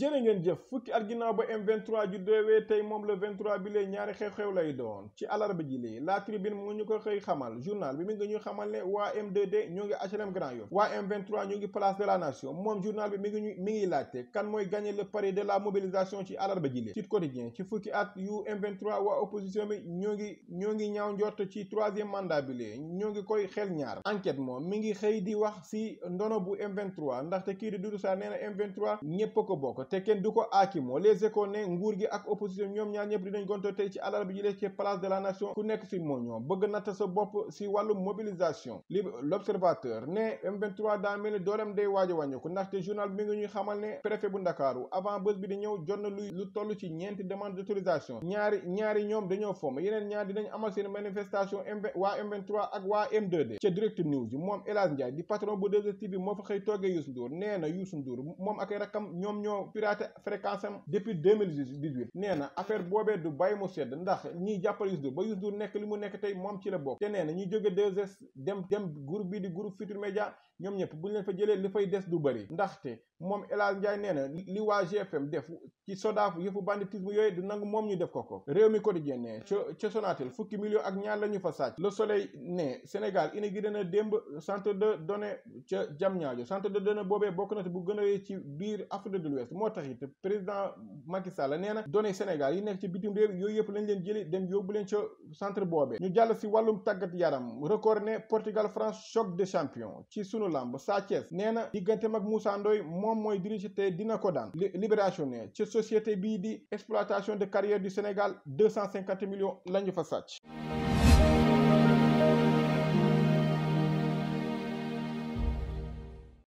jërë ngeen jëf fukki at ginnaaw ba M23 ju deewee tey moom le 23 bi lee ñaari xew-xew lay doon ci alarba ji lee la tribune mu ñu ko xëy xamal journal bi mi ngi ñu xamal ne waa M2D ñoo ngi HLM Grand Yoff waa M23 ñu ngi place de la nation moom journal bi mi ngi ñu mi ngi laajte kan mooy gagné le pari de la mobilisation ci alarba ji lee ci quotidien ci fukki at yu M23 waa opposition bi ñoo ngi ñoo ngi ñaaw njort ci troisième mandat bi lee ñoo ngi koy xel ñaar enquête moom mi ngi xëy di wax si ndono bu M23 ndaxte kii di Doudou Sarr nee na M23 ñëpp ko bokk te kenn du ko aakimoo les échos nguur gi ak opposition ñoom ñaar ñëpp dinañ gonto tey ci alal bi jëlee ci place de la nation ku nekk si moo ñoom bëgg natt sa bopp si wàllu mobilisation li l'observateur ne M23 daa mel ni dooleem day waaj a wàññeeku ndaxte journal bi nga ngi ñuy xamal ne préfet bu Ndakaaru avant bés bi di ñëw jot na luy lu toll ci ñeenti demande d'autorisation ñaari ñaari ñoom dañoo fomm yeneen ñaar dinañ amal seen manifestation m waa M23 ak waa m d ca direct news moom El Hadj Ndiaye di patron bu 2STV moo fa nee na Youssou piraté fréquence am depuis 2018 nee na affaire boobee du bàyyi mu sedd ndax ñiy jàppale Youssou Ndour ba Youssou Ndour nekk li mu nekk tey moom ci la bokk te nee na ñuy jóge 2S dem dem groupe bi di groupe Futur Média ñoom ñëpp bu ñu leen fa jëlee li fay des du bëri ndaxte moom El Hadj Ndiaye na li waa GFM def ci sodaaf yëfu banditisme yooyu nangu moom ñu def ko ko réew mi quotidien ne ca ca Sonatel fukki million ak ñaar la ñu fa sàcc le soleil ne Sénégal inauguré na démb centre de données ca Diamniadio centre de données boobee bokk na bu gën a ci biir Afrique de l'Ouest moo tax it président Macky Sall nee donne données Sénégal yi nekk ci bitim réew yooyu yëpp lañ leen jëli dem yóbbu leen ca centre boobee ñu jàll si wàllum tàggat yaram record ne Portugal France choc de champion ci sunu lamb Sa Thiès nee na digganteem ak Moussa Ndoye moom mooy te dina ko daan libération société BIDI, exploitation de carrière du Sénégal 250 millions l'année